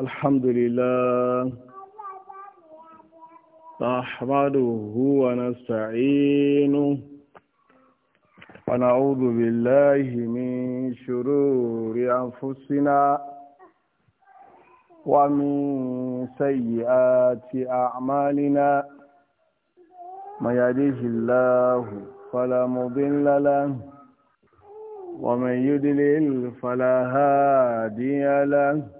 الحمد لله نحمده ونستعينه ونعوذ بالله من شرور أنفسنا ومن سيئات أعمالنا من يهديه الله فلا مضل له ومن يدلل فلا هادي له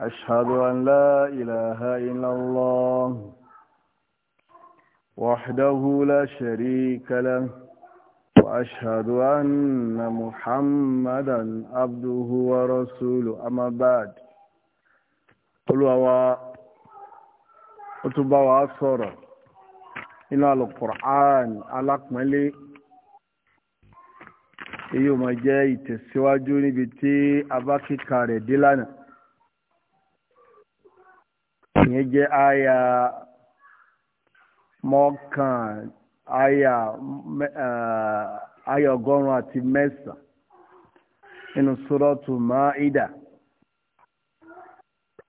أشهد أن لا إله إلا الله وحده لا شريك له وأشهد أن محمدا عبده ورسوله أما بعد قلوا وأتبع وأصرا إن القرآن على أكمله èyí ò máa jẹ́ ìtẹ̀síwájú níbi tí abákíkà rẹ̀ dé lánàá yẹn jẹ́ àyà mọ́kàn àyà eh, àyà ọgọ́rùn-ún àti mẹ́sàn-án nínú Suratu Maida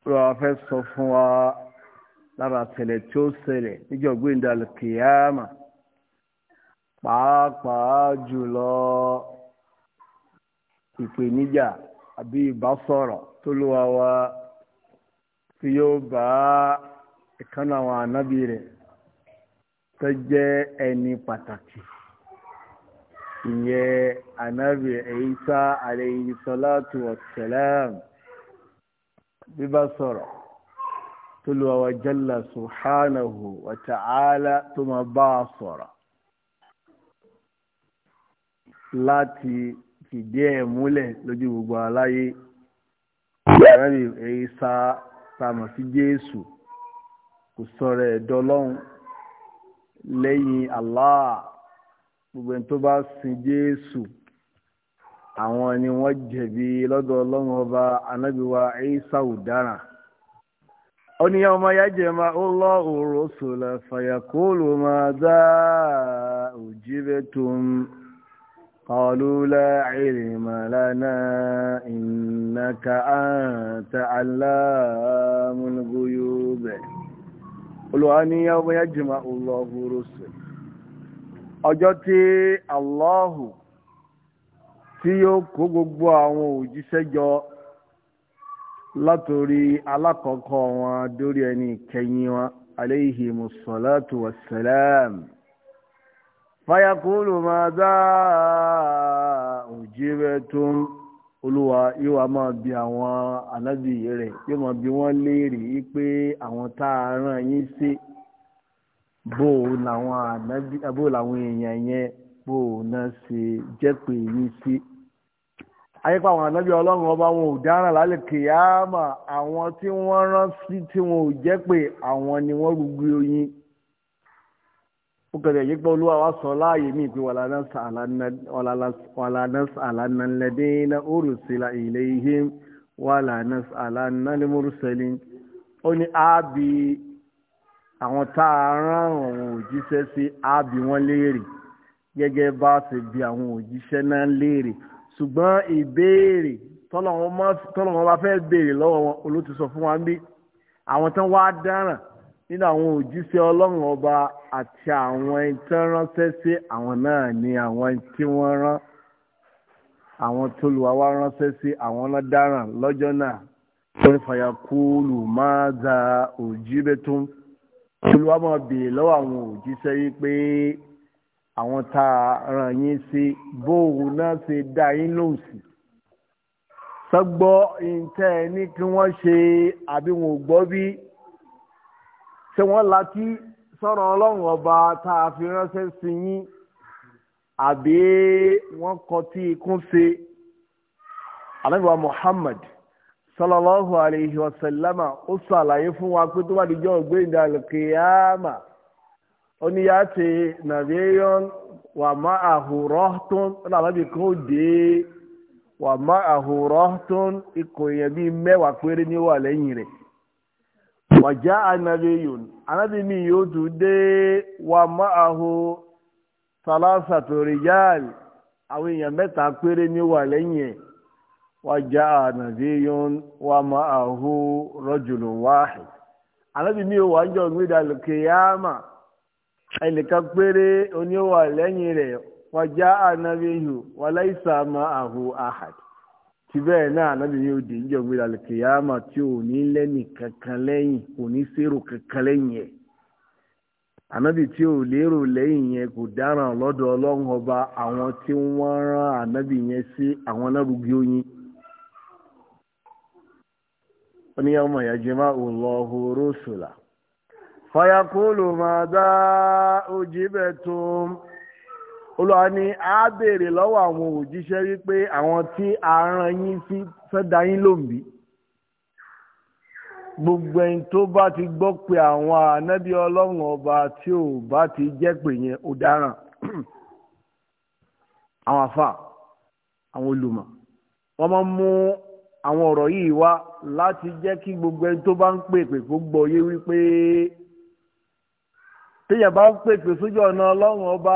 rọ afẹ́ sọ fún wa lára tẹ̀lẹ̀ tí ó ṣẹlẹ̀ níjọ̀gbìn ìdàlẹ̀ kìyàmà pàápàá jùlọ ìpèníjà àbí ìbásọ̀rọ̀ tó lówà wá. Wa tí yóò bá ìkànnà àwọn ànábì rẹ̀ tó jẹ́ ẹni pàtàkì ìyẹn ànábì Ìsá alayhi salatu wassalam bí bá sọ̀rọ̀ tó lu àwọn jalla subhanahu wa ta'ala tó máa bá a sọ̀rọ̀ láti fìdí ẹ̀ múlẹ̀ lójú gbogbo aláyé ànábì Ìsá. sàmọ̀ sí jésù kò sọ̀rọ̀ ẹ̀dọ́ lẹ́yìn allah gbogbo ẹni tó bá sin jésù àwọn ni wọ́n jẹ̀bi lọ́dọ̀ ọlọ́run ọba anábìwá isa udara ó ní ya je ụlọ ó lọ òrò sọ̀lá fàyàkóòlù máa dá òjìrẹ́ tó ń. قالوا لا علم لنا إنك أنت علام الغيوب قلوا أن يوم يجمع الله رسل ọjọ́ الله Allahu tí yóò kó gbogbo àwọn òjíṣẹ́ jọ látòrí alákọ̀ọ́kọ́ wọn dórí ẹni kẹyìn wọn alayhimus salatu wassalam fayakulu maza ujibetum olúwa yóò wá máa bi àwọn ànábì rẹ̀ yóò máa bi wọ́n léèrè pé àwọn tá a rán yín sí bó làwọn ànábì bó làwọn èèyàn yẹn bó náà ṣe jẹ́ pé yín sí. ayípa àwọn ànábì ọlọ́run ọba wọn ò dáràn lálẹ́ kìyàmà àwọn tí wọ́n rán sí tí wọn ò jẹ́ pé àwọn ni wọ́n rúgbìn oyin ó kẹ̀lẹ̀ yìí pé olúwa wa sọ láàyè mí pé wàlánàs àlánàlẹ́dẹ́ orísìlá ilé ihe wàlánàs àlánàlẹ́mọ́rúsẹ́lì ó ní ábí àwọn tá a rán àwọn òjíṣẹ́ sí ábí wọn léèrè gẹ́gẹ́ bá ṣe bí àwọn òjíṣẹ́ náà léèrè ṣùgbọ́n ìbéèrè tọ́lọ̀ wọn bá fẹ́ béèrè lọ́wọ́ wọn olóòtú fún wa ń bí àwọn tán wá dáràn nínú àwọn òjíṣẹ́ ọlọ́run ọba àti àwọn ẹni tí wọ́n ránṣẹ́ sí àwọn náà ni àwọn ẹni tí wọ́n rán àwọn tó lù wá wá ránṣẹ́ sí àwọn ọlọ́daràn lọ́jọ́ náà wọ́n ní fàyàkúlù máa za òjì bẹ́tún olùwà máa béèrè lọ́wọ́ àwọn òjíṣẹ́ yìí pé àwọn tá a ràn yín sí bóòwù náà ṣe dá yín lóhùn sí sọgbọ́ ìǹtẹ́ ní kí wọ́n ṣe àbí wọn ò gbọ́ bí. ṣé wọ́n latí sọ̀rọ̀ ọlọ́run ọba tá a fi ránṣẹ́ sí yín àbí wọ́n kọtí ikún ṣe alábìwá Muhammad sallallahu alayhi wa sallama ó ṣàlàyé fún wa pé tó bá dijọ́ ògbéǹde alkiyama ó ní yá ṣe nàbíyàn wà má àhùrọ̀ tó ń dé wà má àhùrọ̀ tó ń ikọ̀ èèyàn bíi mẹ́wàá péré ní wà wàjá anabiyun anabi mi yóò tún dé wà máàhó salasatu rijal àwọn èèyàn mẹ́ta péré ní wà lẹ́yìn ẹ̀ wàjá anabiyun wà máàhó rajulun wahid anabi mi yóò wá jọ gbéra kiyama ẹnìkan péré oníwà lẹ́yìn rẹ̀ wàjá anabiyun wa laysa máàhó ahad. ti bẹ́ẹ̀ náà ànábì ní òdì níjọ́ gbé lálẹ́ kìyàmà tí o ní lẹ́nì kankan lẹ́yìn kò ní sérò kankan lẹ́yìn ẹ̀ ànábì tí ò lérò lẹ́yìn yẹn kò dáràn lọ́dọ̀ ọlọ́run ọba àwọn tí wọ́n rán anabi yẹn sí àwọn anábùgbé oyin ó ní yawma yajma'u Allahu rusula fayaqulu madha olùwà ni a béèrè lọ́wọ́ àwọn òjíṣẹ́ wípé àwọn tí a rán yín sí sọ́dá yín lòmí gbogbo ẹni tó bá ti gbọ́ pé àwọn ànábì ọlọ́run ọba tí ò bá ti jẹ́ pé yẹn ọ̀daràn àwọn afa àwọn olùmọ̀ wọ́n máa ń mú àwọn ọ̀rọ̀ yìí wá láti jẹ́ kí gbogbo ẹni tó bá ń pèpè kó gbọ́ yé wípé téèyàn bá ń pèpè sójú ọ̀nà ọlọ́run ọba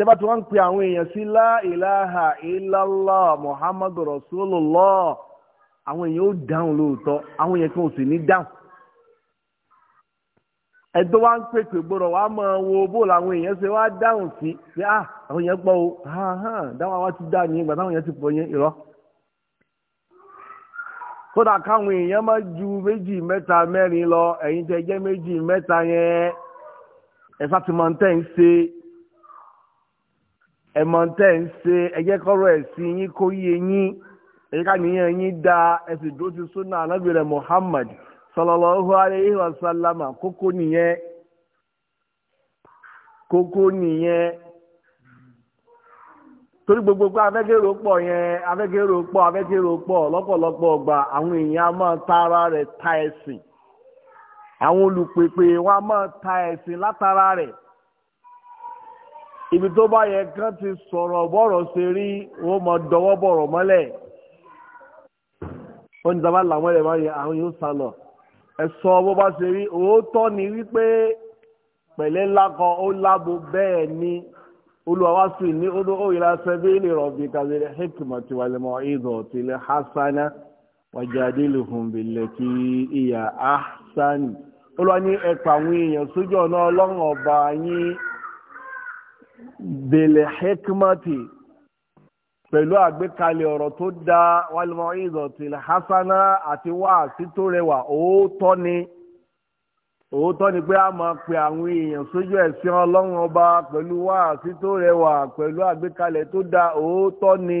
tẹ́bá tí wọ́n ń pe àwọn èèyàn sí la ilaha illallah muhammadu àwọn èèyàn ó dáhùn lóòótọ́ àwọn èèyàn kan ò sì ní dáhùn. ẹ̀dọ́ wa ń pèpè gbọ́dọ̀ wá mọ wo bó èèyàn ṣe wá dáhùn sí à ah, àwọn èèyàn gbọ́ o dáhùn àwa ti dá táwọn èèyàn ti pọ̀ yẹn kódà káwọn èèyàn ju méjì mẹ́ta mẹ́rin lọ emote tẹ́ ń ṣe ẹ̀jẹ̀ kọ́rọ̀ ẹ̀sìn yín kó yé yín ẹ̀jẹ̀ káníyàn yín dá ẹ̀sìn tó ti wa kókó nìyẹn kókó nìyẹn torí gbogbo pé afẹ́kẹ́rò pọ̀ yẹn afẹ́kẹ́rò pọ̀ afẹ́kẹ́rò pọ̀ lọ́pọ̀lọpọ̀ ọgbà àwọn èèyàn a máa ta ara rẹ̀ ta ẹ̀sìn àwọn olùpèpè wọn a máa ta ẹ̀sìn látara ibi tó bá yẹ kán ti sọ̀rọ̀ bọ́rọ̀ ṣe rí wọ́n mọ dọwọ́ bọ̀rọ̀ mọ́lẹ̀ wọ́n ní sábà làwọn ẹ̀rẹ̀ máa àwọn yóò sá lọ ẹ sọ bó bá ṣe rí òótọ́ ni wípé pẹ̀lẹ́ lakọ ó lábo bẹ́ẹ̀ ni olùwàwásù ní odò òyìnbá sẹ́bí ma rọ̀bì kàlẹ́ hekima tiwalẹ́mọ́ ìdọ̀ tilẹ̀ hasana wajadiluhum iya ahsani hasani ní ẹ̀pà àwọn èèyàn sójú ọ̀nà ọlọ́run ọba yín. bèlè hekimati pẹ̀lú àgbékalẹ̀ ọ̀rọ̀ tó dáa wàlúmọ̀ ìdọ̀tìlì hasana àti wáàsí tó rẹwà òótọ́ ni òótọ́ ni pé a máa pe àwọn èèyàn sójú ẹ̀sìn ọlọ́run ọba pẹ̀lú wáàsí tó rẹwà pẹ̀lú àgbékalẹ̀ tó dáa òótọ́ ni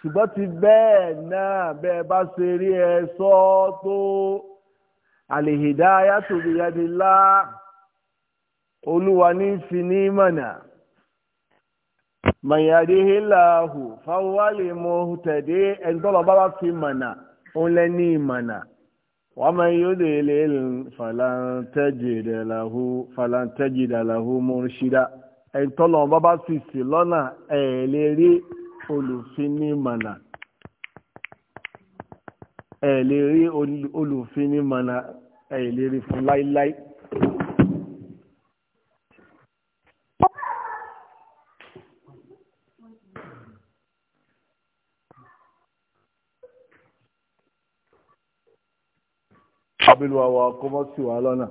ṣùgbọ́n ti bẹ́ẹ̀ náà bẹ́ẹ̀ bá ṣe rí ẹ sọ tó àlèhìdá ayátòbíyadìlá olúwa ní fi ní mọ̀nà mayadihilahu fawali muhtadi ẹnitọ́lọ́ bá bá fi mọ̀nà òun lẹ́ ní ìmọ̀nà wọ́n máa yóò lè lè falantẹ́jìdàláhu falantẹ́jìdàláhu murshida ẹnitọ́lọ́ bá bá fi sí lọ́nà ẹ̀ lè rí olùfinimọ̀nà ẹ̀ lè rí olùfinimọ̀nà ẹ̀ fún láíláí. abiluwa wa kó mọ́ sí wa lọ́nà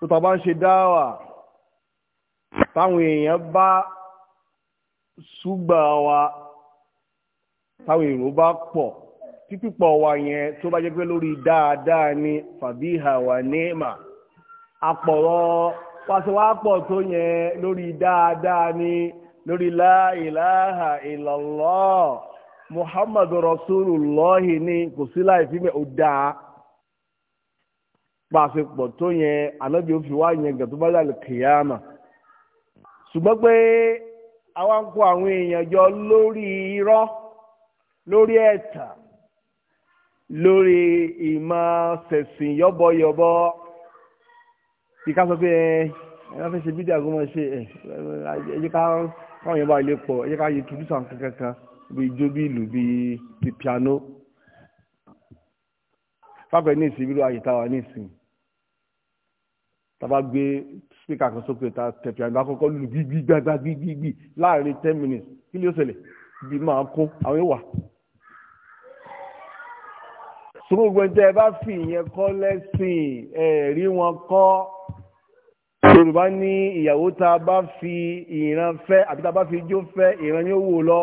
tó tàbá ń ṣe dáwà táwọn èèyàn bá ṣùgbà wa táwọn èrò bá pọ̀ tí pípọ̀ wa yẹn tó bá jẹ́ pé lórí dáadáa ni fàbíhà wà níma àpọ̀rọ̀ pàṣẹwàpọ̀ tó yẹn lórí dáadáa ni lórí la ilaha muhammadu rasulullahi ni kò sí láì fi mẹ́ dáa tó yẹn ànábì ó fi wá yẹn tó bá dàlù kìyàmà ṣùgbọ́n pé àwa ń kó àwọn èèyàn jọ lórí irọ́ lórí ẹ̀tàn lórí ìmọ̀ ṣẹ̀sìn yọ́bọ̀yọ́bọ̀ kí ká bíi jó bíi ìlú bíi ti piano fábẹ́ ní ìsìn bíi ayé táwa ní ìsìn tábà gbé spíkà kan sókè tá tẹ piano akọ́kọ́ lù gbígbí gbàgbà gbígbí láàrin ten minutes kí ló ṣẹlẹ̀ bí máa kún àwọn ìwà sùgbọ́n tẹ́ ẹ bá fi ìyẹn kọ́ lẹ́sìn ẹ̀rí wọn kọ́ yorùbá ní ìyàwó tá a bá fi ìran fẹ́ àbí tá a bá fi ijó fẹ́ ìran yóò wò lọ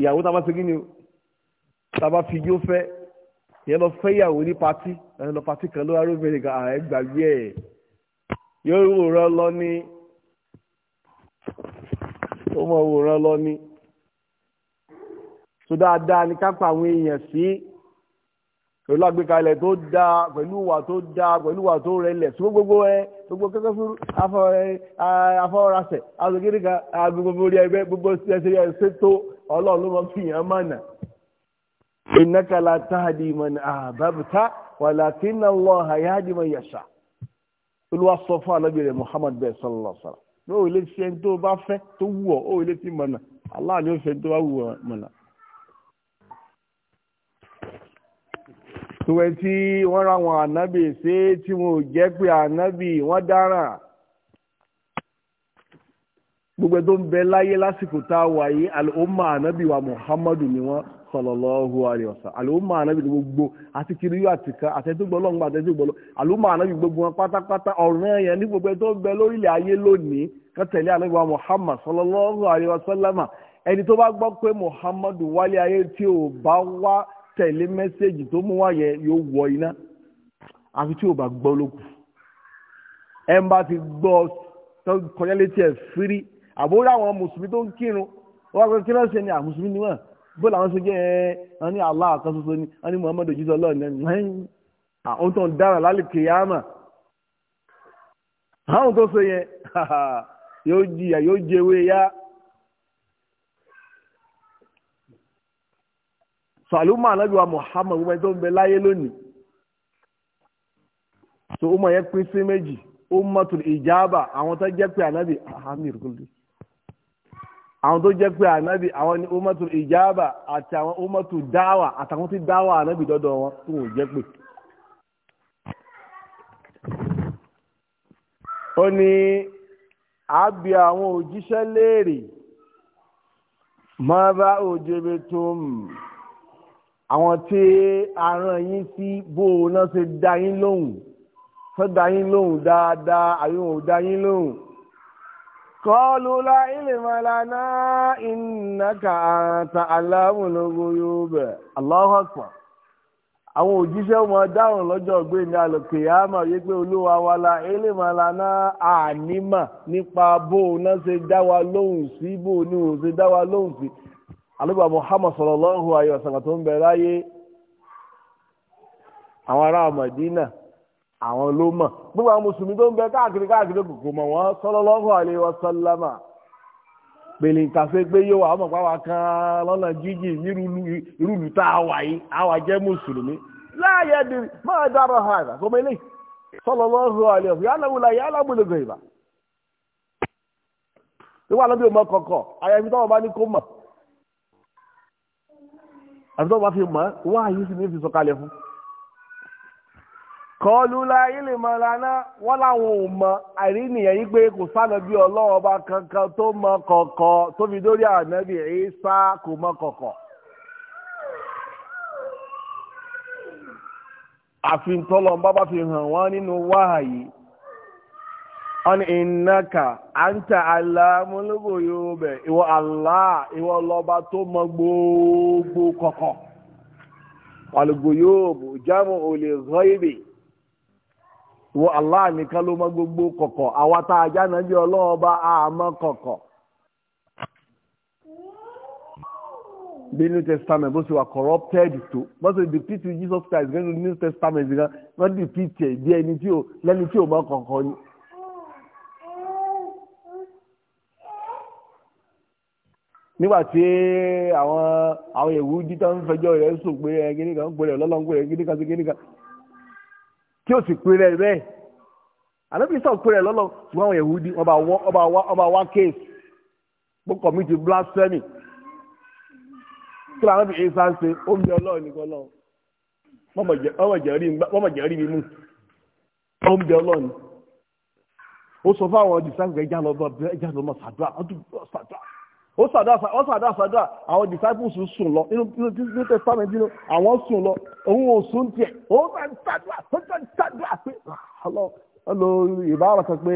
ìyàwó tá a bá ṣe kíni o tá a bá fi yó fẹ́ ìyẹn lọ fẹ́ ìyàwó ní patí ìyẹn lọ patí kan ló wá lóbìnrin kan ààrẹ gbàgbé ẹ̀ yóò wòran lọ ní ó mọ wòran lọ ní tó dáadáa ní kápá àwọn èèyàn sí pẹ̀lú àgbékalẹ̀ tó dáa pẹ̀lú ìwà tó dáa pẹ̀lú ìwà tó rẹlẹ̀ tó gbogbo ẹ gbogbo kẹ́kẹ́ fún afọ́rasẹ̀ azọ̀gíríkà gbogbo orí ẹgbẹ́ gbogbo ẹsẹ̀ ẹsẹ̀ tó ala ló mọ fi hàn mọ́nà innaka la tahdi man ahbabta walakinna Allaha yahdi man yasha olúwa sọ fún Muhammad bẹ́ẹ̀ sallallahu alaihi wasallam ní òwe lè ṣe tó bá fẹ́ tó wù ọ́ òwe lè ti mọ̀nà Allah ni ṣe tó bá wù gbogbo tó ń bẹ láyé lásìkò tá a wà yìí alùmọ̀ ànábì wa muhammadu ni wọ́n sallallahu alaihi wasallam alùmọ̀ ànábì ni gbogbo àti kiri yóò àti kan àtẹ̀tùgbọ́ lọ́ngbà àtẹ̀tùgbọ́ lọ alùmọ̀ ànábì gbogbo wọn pátápátá ọ̀ràn yẹn ní gbogbo tó ń bẹ lórílẹ̀ ayé lónìí ká tẹ̀lé ànábì wa muhammad sallallahu alaihi ẹni tó bá muhammadu wálé ayé tí ò bá wá tẹ̀lé tó mú yóò wọ iná àfi tí ò bá gbọ́ àbúrò àwọn mùsùlùmí tó ń kírun wọ́n pẹ́ kí lọ́sẹ̀ ni àmùsùlùmí ni wọ́n bó làwọn ṣe jẹ́ ẹ wọn ní Allah kan ṣoṣo ni wọn ní Muhammad ojúṣe ọlọ́run ní ẹ̀yìn àwọn tó ń dára àwọn tó ṣe yẹn yóò jìyà yóò jẹwé yá. sàlùmọ́ Muhammad gbogbo ẹni tó ń bẹ láyé lónìí so ó mọ̀ yẹn pín sí méjì ó mọ̀ tó ìjábà àwọn tó jẹ́ pé àwọn tó jẹ́ pé ànábì àwọn ni umatu ìjábà àti àwọn umatu dáwà àtàwọn tí dáwà ànábì dọ́dọ̀ wọn tó wọ́n jẹ́ pé. ó ní àbí àwọn òjíṣẹ́ léèrè máa bá òjèbè tó ń àwọn tí aràn yín sí bó o náà ṣe dá yín lóhùn ṣe dá yín lóhùn dáadáa àbí wọn ò dá yín lóhùn. قالوا لا علم لنا إنك أنت علام الغيوب الله أكبر àwọn òjíṣẹ́ wọn dáhùn lọ́jọ́ ọ̀gbẹ́ni alùkìyàmà wípé olúwa wa la elémàlànà ànímà nípa bó o náà ṣe dá wa lóhùn sí bó o ní o ṣe dá wa lóhùn sí alúgbà muhammad sallallahu alaihi wasallam tó ń bẹ àwọn ló mọ̀ gbogbo àwọn mùsùlùmí tó ń bẹ káàkiri káàkiri kòkò mọ̀ wọ́n sallallahu alaihi wasallama pèlè ìtàfẹ́ pé yóò wà ọmọ pàwà kan lọ́nà jíjì nírúlu tá a wà yìí àwa jẹ́ mùsùlùmí láàyè dìrì máa dára ha àgbà kò mẹ́lẹ̀ sallallahu alaihi wasallama yálà wùlà yálà wùlà gbẹ̀yìnbà ìwà lọ́bí ọmọ kọ̀ọ̀kọ̀ àyàfi tọ́wọ́ bá ní kó mọ̀ àbí tọ́wọ́ bá fi mọ̀ wáyé sì kọlu la ilé mara na wọn làwọn ò mọ àìrí nìyẹn yìí pé kò sánàbí ọlọ́run ọba kankan tó mọ kọ̀kọ̀ tó fi dórí ànábì Ìsá kò mọ kọ̀kọ̀. fi hàn wọ́n nínú wáhàyí ọ́n ìnáka àǹtà aláàmúlógó yóò bẹ̀ ìwọ Allah ìwọ lọ́ba tó mọ gbogbo kọkọ. wàlúgò yóò bù jámù olè zọ́ ibè. wo Allah nìkan ló mọ gbogbo kọ̀kọ̀ àwa tá a jáná bí ọlọ́run ọba àmọ́ kọ̀kọ̀. bí new testament bó ṣe wà corrupted tó bó ṣe depict Jesus Christ nínú new testament gan wọ́n depict ẹ̀ bí ẹni tí ò lẹ́ni tí ò mọ kọ̀kọ̀ ni. nígbàtí àwọn àwọn Yẹhudi tó ń fẹjọ́ rẹ̀ sùn pé ẹ kan, ń pè rẹ̀ lọ́lọ́ ń pè rẹ̀ gíníkan sí gíníkan tí ó sì pèrè bẹ́ẹ̀ ànábì sọ pèrè lọ́lọ́ ṣùgbọ́n àwọn Yẹhudi ọba wọ ọba wá ọba wá kéèsì bó kọ̀mìtì blasphemy kí làwọn bìí sá ń ṣe ó ń bẹ ọlọ́run nìkan lọ mọ́mọ̀ jẹ́ rí mi mú ó ń bẹ ọlọ́run ó sọ fún àwọn ọdún sáfì ẹja lọ bá ẹja lọ mọ sàdúrà ọdún sàdúrà ó sàdá sàdá àwọn disciples sùn lọ nínú new testament nínú àwọn sùn lọ òun ò sùn tiẹ̀ òun bá ń sàdúrà tó ń sàdúrà pé ọlọ ọlọ ìbára kan pé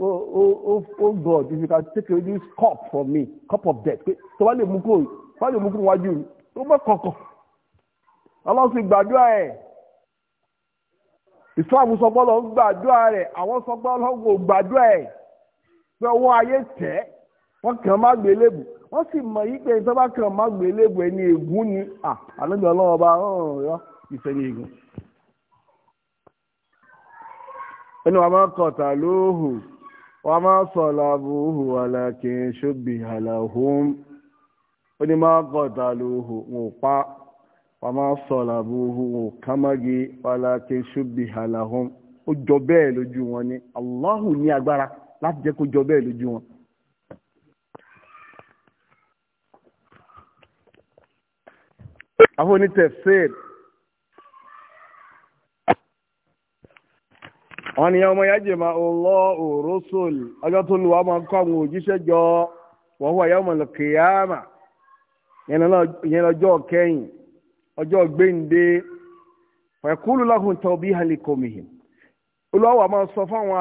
oh God take cup me cup of death pé tó bá lè mú kó bá lè mú kó wájú mi tó bá pé gbàdúrà rẹ̀ àwọn gbàdúrà pé owó ayé wọ́n kàn má gbé lébù wọ́n sì mọ̀ yí pé tó bá kàn má gbé lébù ẹni ègún ni ànágbé ọba bá ọ̀rọ̀ ìfẹ̀yìn ègún. ẹni wàá máa kọ̀tà lóhù wàá máa sọ̀lá bùhù àlàkì ṣóbì àlàhùn ó máa kọ̀tà pa wàá máa àlàkì àlàhùn ó jọ bẹ́ẹ̀ lójú wọn ni Allahu ní agbára láti jẹ́ kó jọ bẹ́ẹ̀ lójú wọn. afọ ní tẹ̀síìr wọn ni ọmọ yẹn jìmọ̀ ọlọ́ òrósòl ọjọ tó lu ọmọ àwọn jọ wọ́n wọ ẹ̀yọ́ mọ̀lẹ́kìyàmà yẹn lọ́jọ́ kẹ́yìn ọjọ́ gbẹ̀ǹde fẹ̀kúlù lọ́kùn tó bí sọ fáwọn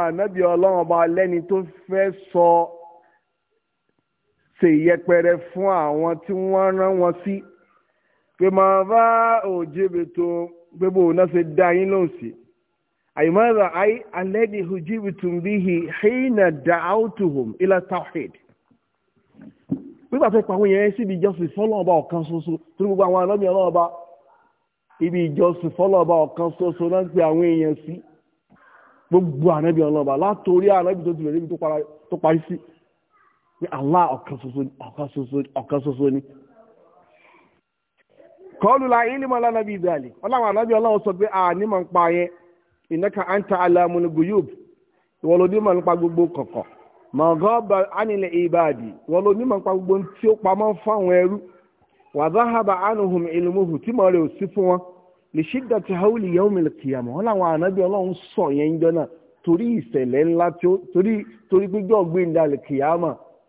ọba tó sọ ṣèyẹpẹrẹ fún àwọn tí rán pé máa bá òjèbè tó gbégbó náà ṣe dá yín lóhùn sí àyìmára ayé alẹ́dí òjèbè tó ń bíhi hìnà dá áwùtùhùm ilà tawhid nígbà tó pa àwọn yẹn síbi ìjọsìn fọlọ́ọ̀bá ọ̀kan ṣoṣo tó ní gbogbo àwọn àlọ́mì ọlọ́ọ̀bá ibi ìjọsìn fọlọ́ọ̀bá ọ̀kan ṣoṣo náà ń àwọn èèyàn sí gbogbo ànábì ọlọ́ọ̀bá látòrí ànábì tó ti bẹ̀rẹ̀ níbi tó parí sí pé Allah ọ̀kan ṣoṣo ni kọlu la ilé mọ lánàá bíi dàlí ọlọ́wọ́ ànábì ọlọ́wọ́ sọ pé àní mọ̀ ń pa yẹn ìnáka anta alamuni guyub ìwọ ló ní mọ̀ nípa gbogbo kọ̀kọ̀ mọ̀gọ́bà ánilẹ̀ ìbàdí ìwọ wọlọ ní mọ̀ gbogbo tí o pamọ́ fáwọn ẹrú wàzáhàbà ánuhùn ìlúmùhù tí mọ̀ rẹ̀ ò sí fún wọn lè ṣí dàtí sọ yẹn jọ náà torí ìṣẹ̀lẹ̀ ńlá tí torí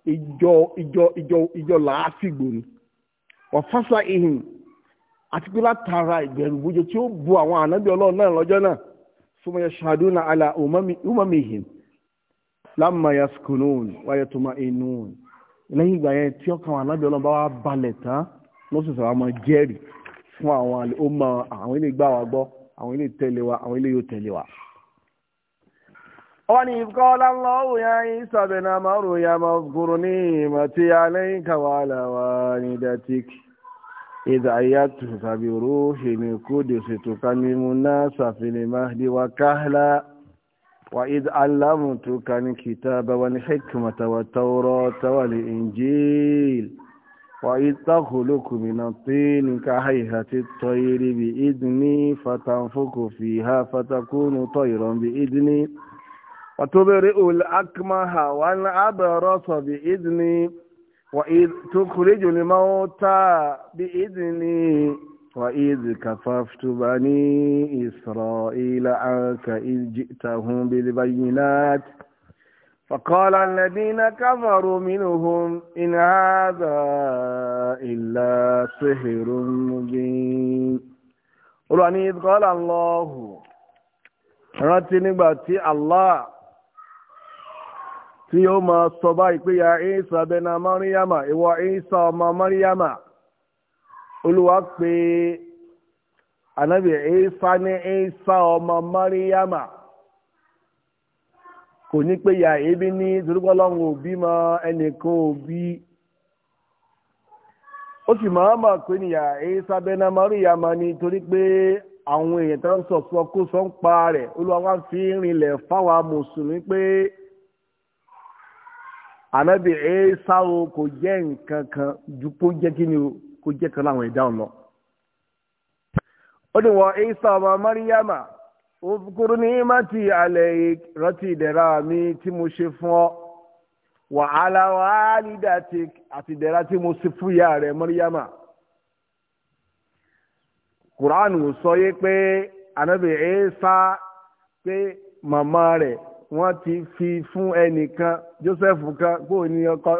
ìjọ ìjọ ìjọ ìjọ làásìgbò àti pé látara ìbẹ̀rù bójú tí ó bu àwọn ànábì ọlọ́run náà lọ́jọ́ náà súnmọ́ yẹ ṣàdúnà àlà umamihim lámà yà skunun wáyé tó máa inú lẹ́yìn ìgbà yẹn tí ọkàn ànábì ọlọ́run bá wá balẹ̀ tán lọ́sọ̀ọ̀sọ̀ àwọn máa jẹ́rìí fún àwọn ọmọ àwọn ilé gbà wá gbọ́ àwọn ilé tẹ̀lé wa àwọn ilé yóò tẹ̀lé wa. إذ أيدت فبروح القدس تكلمنا في المهد وكهلا وإذ علمتك الكتاب والحكمة والتوراة والإنجيل وإذ تخلق من الطين كهيئة الطير بإذني فتنفك فيها فتكون طيرا بإذني وتبرئ الأكمه والأبرص بإذني وإذ تخرج الموتى بإذني وإذ كففت بني إسرائيل عنك إذ جئتهم بالبينات فقال الذين كفروا منهم إن هذا إلا سحر مبين قل إذ قال الله rántí nígbà tí tí ó máa sọ báyìí pé ya Isa bena ìwọ Isa ọmọ Maryama olúwa pé anabi Isa ní Isa ọmọ Maryama kò ní ya ebi ní torúkọlọ́hún òbí mọ ẹnìkan òbí ó sì máa ma pé ya Isa bena ni torí pé àwọn èèyàn tó ń sọ̀sọ́ kó ń fi ń rinlẹ̀ fáwọn mùsùlùmí ànábì ẹ̀ẹ́sà o kò jẹ nǹkan kan ju kó jẹ́ kí o kó jẹ́ kan láwọn ẹ̀dá ọ̀nà. ó ní wọ ẹ̀ẹ́sà ọmọ mọ́ríyàmà òkúrú ní mátì alẹ́ rántí ìdẹ̀ra mi tí mo ṣe fún ọ wàhálà àti tí mo ṣe fún ìyá rẹ̀ sọ yé pé ànábì ẹ̀ẹ́sà pé màmá wọ́n ti fi fún ẹnìkan Joseph kan kó ní ọkọ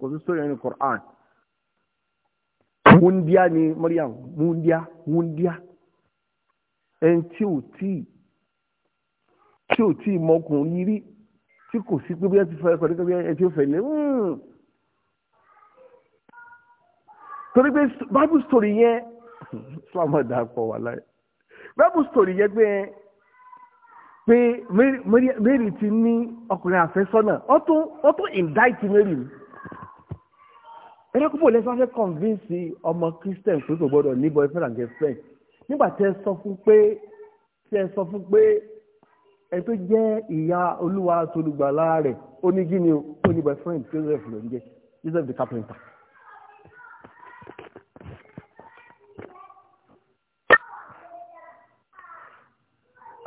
kò sí sórí ẹni Quran wúndíá ni Mariam wúndíá wúndíá ẹni tí ò tí tí ò tí mọkùnrin rí tí kò sí pé bí ẹ ti fẹ́ pẹ̀lú pé ẹ ti fẹ́ lé hmm. torí pé bible story yẹn bible story yẹn pé pé Mary ti ní ọkùnrin àfẹ́sọ́nà ó tún indict Mary ni ẹlẹ́kùnbó lẹ́sọ́ fẹ́ convince ọmọ Christian pé kò gbọ́dọ̀ ní boyfriend and girlfriend nígbà tí ẹ sọ fún pé tí ẹ sọ fún pé ẹ tó jẹ́ ìyá olúwa tolùgbàlà rẹ̀ ó ní gíní ó ní boyfriend Joseph ló ń jẹ́ Joseph the carpenter.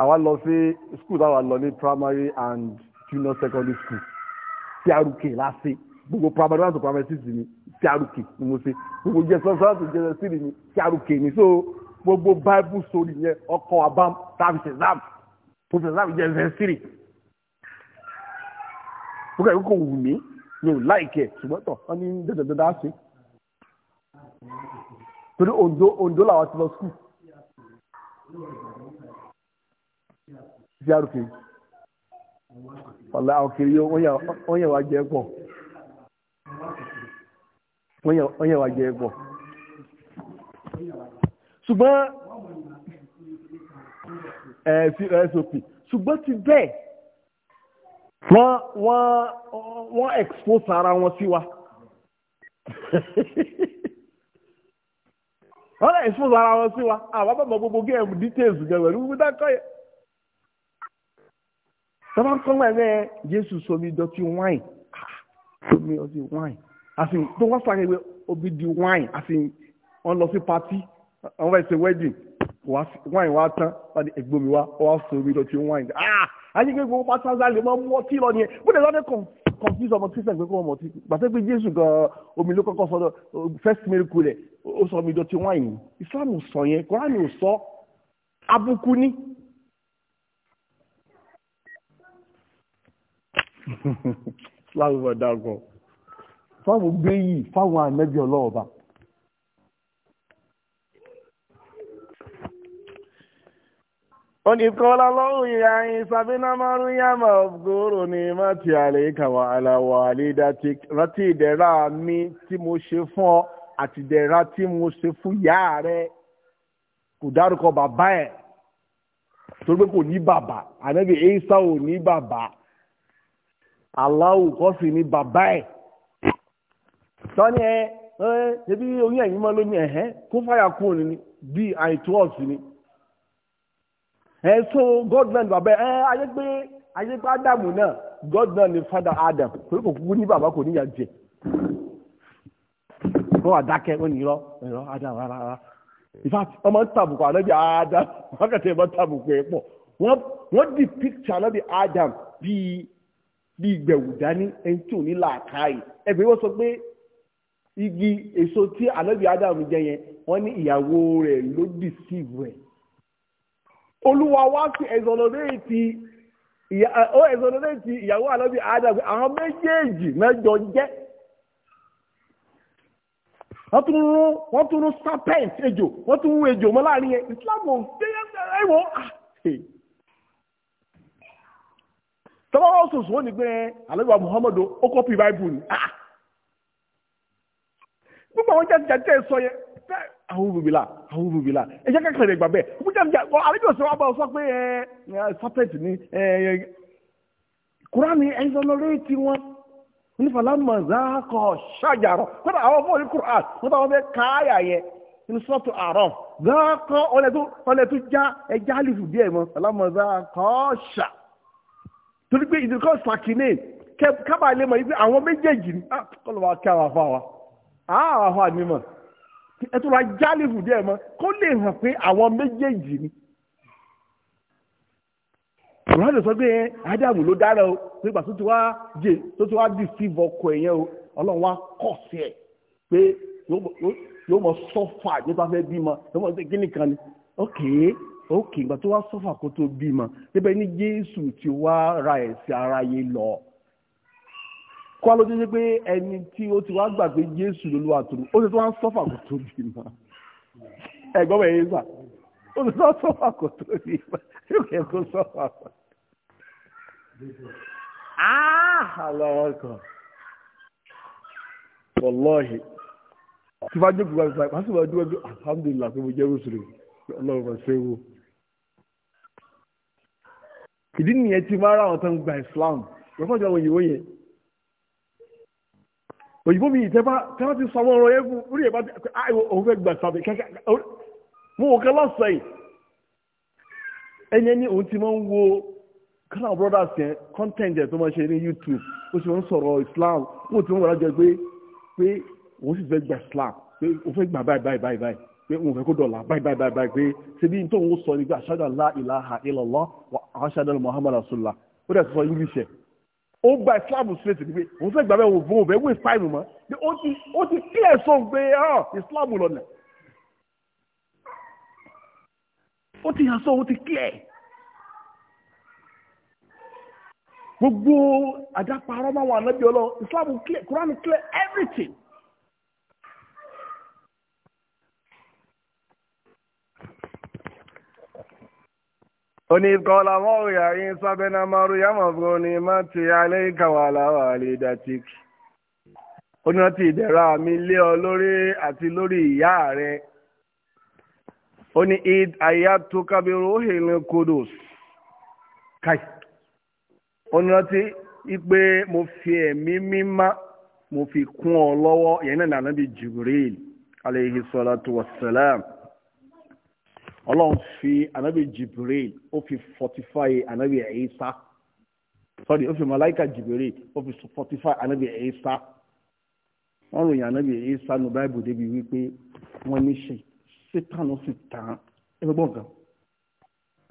àwa lọ sí school táwa lọ ní primary and junior secondary school prk láti gbogbo primary one to primary six ni prk ni mo ṣe gbogbo jẹsán sáà tó jẹsán sí ni prk ni so gbogbo bible story yẹn ọkọ abam tàbí sezam professor sam jẹsán sírì mo kàn kó wù mí mi ò láìkẹ ṣùgbọ́n tọ̀ wọ́n ní dandandan dá sí torí ondo ondo làwọn ti lọ school járùkì ọ̀la òkèrè yóò wọ́n yẹ̀ wá jẹ́ pọ̀ wọ́n yẹ̀ wá jẹ́ pọ̀ ṣùgbọ́n sop ṣùgbọ́n ti bẹ́ẹ̀ wọ́n wọ́n wọ́n expose ara wọn sí wa wọ́n expose ara wọn sí wa àwọn bàbá gbogbo gẹ́ẹ̀mù details gẹ̀ẹ́rù wíwú dákọ́ yẹn tọ́ba ń kọ́ ńgbà ẹgbẹ́ jésù somi dọ̀tí wáìn somi ah, ọtí wáìn àti tó wọ́n sáré wẹ́ omi di wáìn àti wọ́n lọ sí patí wọ́n fẹ́ ṣe wedding wáìn wá tán wọ́n di ẹgbẹ́ omi wá wọ́n somi dọ̀tí wáìn ayé ah, gbogbo pátá sáré máa mú ọtí lọ nìyẹn bó lè lọ́dẹ kàn confuse ọmọ kristian pé kó ọmọ ọtí gbàtẹ́ pé jésù gan omi ló kọ́kọ́ sọ́dọ̀ first miracle rẹ̀ ó sọ omi dọ̀tí wáìn islam sọ yẹn kọ́ránì ò sọ abúkú ní islam bá dàgbọ́ fáwọn gbé yìí fáwọn ànábì ọlọ́ọ̀ba. oníkọ́lá lọ́rùn ìyá ìsàbínà márùn-ún ọ̀gọ́rò ní mọ́tì àlèkà wà aláwọ̀ àlídàtì rántí ìdẹ̀ra mi tí mo ṣe fún ọ àti ìdẹ̀ra tí mo ṣe fún ìyá rẹ kò dárúkọ bàbá ẹ̀ torí pé kò ní bàbá ànábì Ìsá ò ní bàbá aláwù kọ́fì ní bàbá ẹ̀ tọ́ni ẹ ẹ ṣebí oyún ẹ̀yìn mọ́ lónìí ẹ̀hẹ́ kó fàyà kú òní ni bí àìtó ọ̀sìn ni ẹ so godman bàbá ẹ ayé pé ayé pé ádámù náà godman ni father adam torí kò kúkú ní bàbá kò níyà jẹ kó wà ó ní irọ́ irọ́ adam rárá rárá in ọmọ ń tàbùkù ànábì adam wọ́n ẹ̀ bọ́ tàbùkù ẹ̀ pọ̀ wọ́n depict ànábì adam bíi bí ìgbẹ̀wù dání ẹni tí ò ní làákàyè ẹ̀bẹ̀ wọ́n sọ pé igi èso tí ànábì ádámù jẹ yẹn wọ́n ní ìyàwó rẹ̀ ló dìsíìbù ẹ̀ olúwa wá sí ẹ̀zọ̀nọ̀dẹ́ẹ̀tì ìyàwó ànábì ádámù àwọn méjèèjì mẹ́jọ jẹ́ wọ́n tún rún wọ́n tún rún serpent ejò wọ́n tún rún ejò mọ́ láàrin yẹn islam ò ń ẹ̀wọ̀n tọ́wọ́ wọ́n sòsò wọ́n ní alẹ́gbà muhammadu ó kọ́pì báìbù ni ah, ah. gbogbo àwọn jáde jáde sọ yẹ àwọn olùbìlà àwọn olùbìlà ẹ jẹ́ kẹ́kẹ́ rẹ̀ gbà bẹ́ẹ̀ gbogbo jáde jáde alẹ́gbà sọ wà bá sọ pé ẹ sápẹ́tì ni ẹ kúránì ẹ̀ńsọ̀nọ́rẹ́tì wọn onífàlà mọ̀záàkọ̀ ṣàjàrọ̀ kọ́dà àwọn fọ́ọ̀lì kúrán wọ́n táwọn fẹ́ káyà yẹ inú sọ́ọ̀tù àárọ̀ gáàkọ́ ọ̀lẹ́tú já ẹja àlìfù díẹ̀ mọ́ sàlámọ̀záàkọ̀ ṣà torí pé ìdíkọ́ sàkínè kábà lè mọ̀ wípé àwọn méjèèjì ní ah, kọ́lọ̀ wa kí àwọn afá wa ah, àwọn afá mi mọ̀ ẹ tó ra jálè fún díẹ̀ mọ́ kó lè hàn pé àwọn méjèèjì ní. Rọ́lù sọ pé Ádámù ló dára o pé ìgbà tó ti wá jè tó ti wá dì sí ìbọkọ̀ ẹ̀yẹn o Ọlọ́run wá kọ̀ sí ẹ̀ pé yóò mọ sọ́fà nípa fẹ́ bímọ yóò mọ kí nìkan ni. Okay òkè ìgbà tó wá sọ́fà kó tó bímọ débẹ̀ ní jésù tí ó wá ra ẹ̀sìn aráyé lọ kó wá ló dé pé ẹni tí ó ti wá gbà pé jésù ló lọ́wọ́ àtòrò ó ti tó wá sọ́fà kó tó bímọ ẹ̀gbọ́n bẹ̀ yẹn gbà ó ti tó wá sọ́fà kó tó bímọ yóò kẹ́ kó sọ́fà kó. lọ́wọ́ kan wọ́lọ́ọ̀hì tí bá jókòó wá sí i pàṣẹ wá dúró alhamdulilayi pé mo jẹ́ mùsùlùmí ọlọ́run ṣe é wò ìdí nìyẹn tí máa ra àwọn tó ń gba Islam lọ́sọ̀jọ́ àwọn òyìnbó yẹn òyìnbó mi ìtẹ́fà tẹ́fà ti sọmọ ọ̀rọ̀ yẹn fún orí ẹ̀ bá ti àìwọ̀ ah, òun fẹ́ gbà sàbẹ̀ kẹ́kẹ́ mú òun kan lọ́sẹ̀ yìí ẹni ẹni òun ti máa ń wo kanal brothers yẹn content yẹn tó máa ṣe ní YouTube ó sì máa ń sọ̀rọ̀ Islam ó ti máa ń wọ̀rọ̀ jẹ pé pé òun sì fẹ́ gbà Islam pé òun fẹ́ gbà báyìí báyìí báyìí pé òun fẹ́ kó dọ̀là báyìí báyìí báyìí báyìí pé ṣebí tó ń sọ ni pé ashhadu an ilaha illallah wa ashhadu anna muhammadu rasulullah ó dẹ̀ sọ english ẹ̀ ó gba islam straight ni pé òun fẹ́ gbà bẹ́ẹ̀ òun òun fẹ́ waste time mọ́ ó ti clear sóun pé islam na ó ti hàn sóun ó ti clear. gbogbo àdáparọ́ máa wà nábì ọlọ́ islam clear quran clear everything. oni kọla wọn ya isa bin maryam afghani ma ti alayka wala walidatik oni wọn ti dẹ̀ra mi lé ọ lórí àti lórí ìyá rẹ oni id ipe mo fi ẹ̀mí mímá mo fi kún ọ yẹn náà jibril aleyhi salatu wa salam. ọlọ́run fi anabi jibril ó fi fortify anabi Isa sorry ó fi malaika jibril ó fi fortify anabi Isa wọ́n ròyìn anabi Isa nu báìbù débi wípé wọ́n ní ṣe sétan ó sì tàn án ẹgbẹ́ gbọ́n gan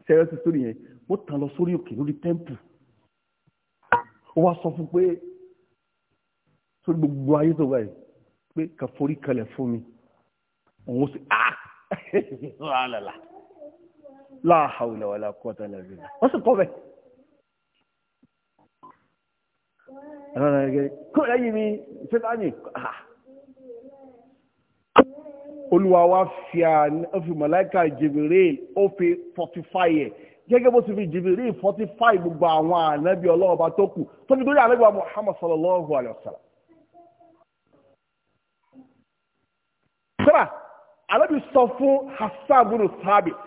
sẹ́yọ́sì sórí yẹn ó tàn lọ sórí òkè lórí tẹ́ǹpù ó wá sọ fún pé sórí gbogbo ayé tó wáyé pé kà kalẹ̀ fún mi òun sì á ah! lọ́la la hawla wala quwwata illa billah wọ́n sì kọ́ bẹ̀. kó lẹ́yìn mi sẹ́tánì ah. olúwa wa fi àná ó fi mọ̀láìkà Jibril ó fi fortify ẹ̀ gẹ́gẹ́ bó ti fi Jibril fortify gbogbo àwọn ànábì ọlọ́ọ̀ba tó kù tó fi dórí ànábì wa Muhammad sallallahu alayhi wa sallam. sọ́ra ànábì sọ fún Hassan bin Thabit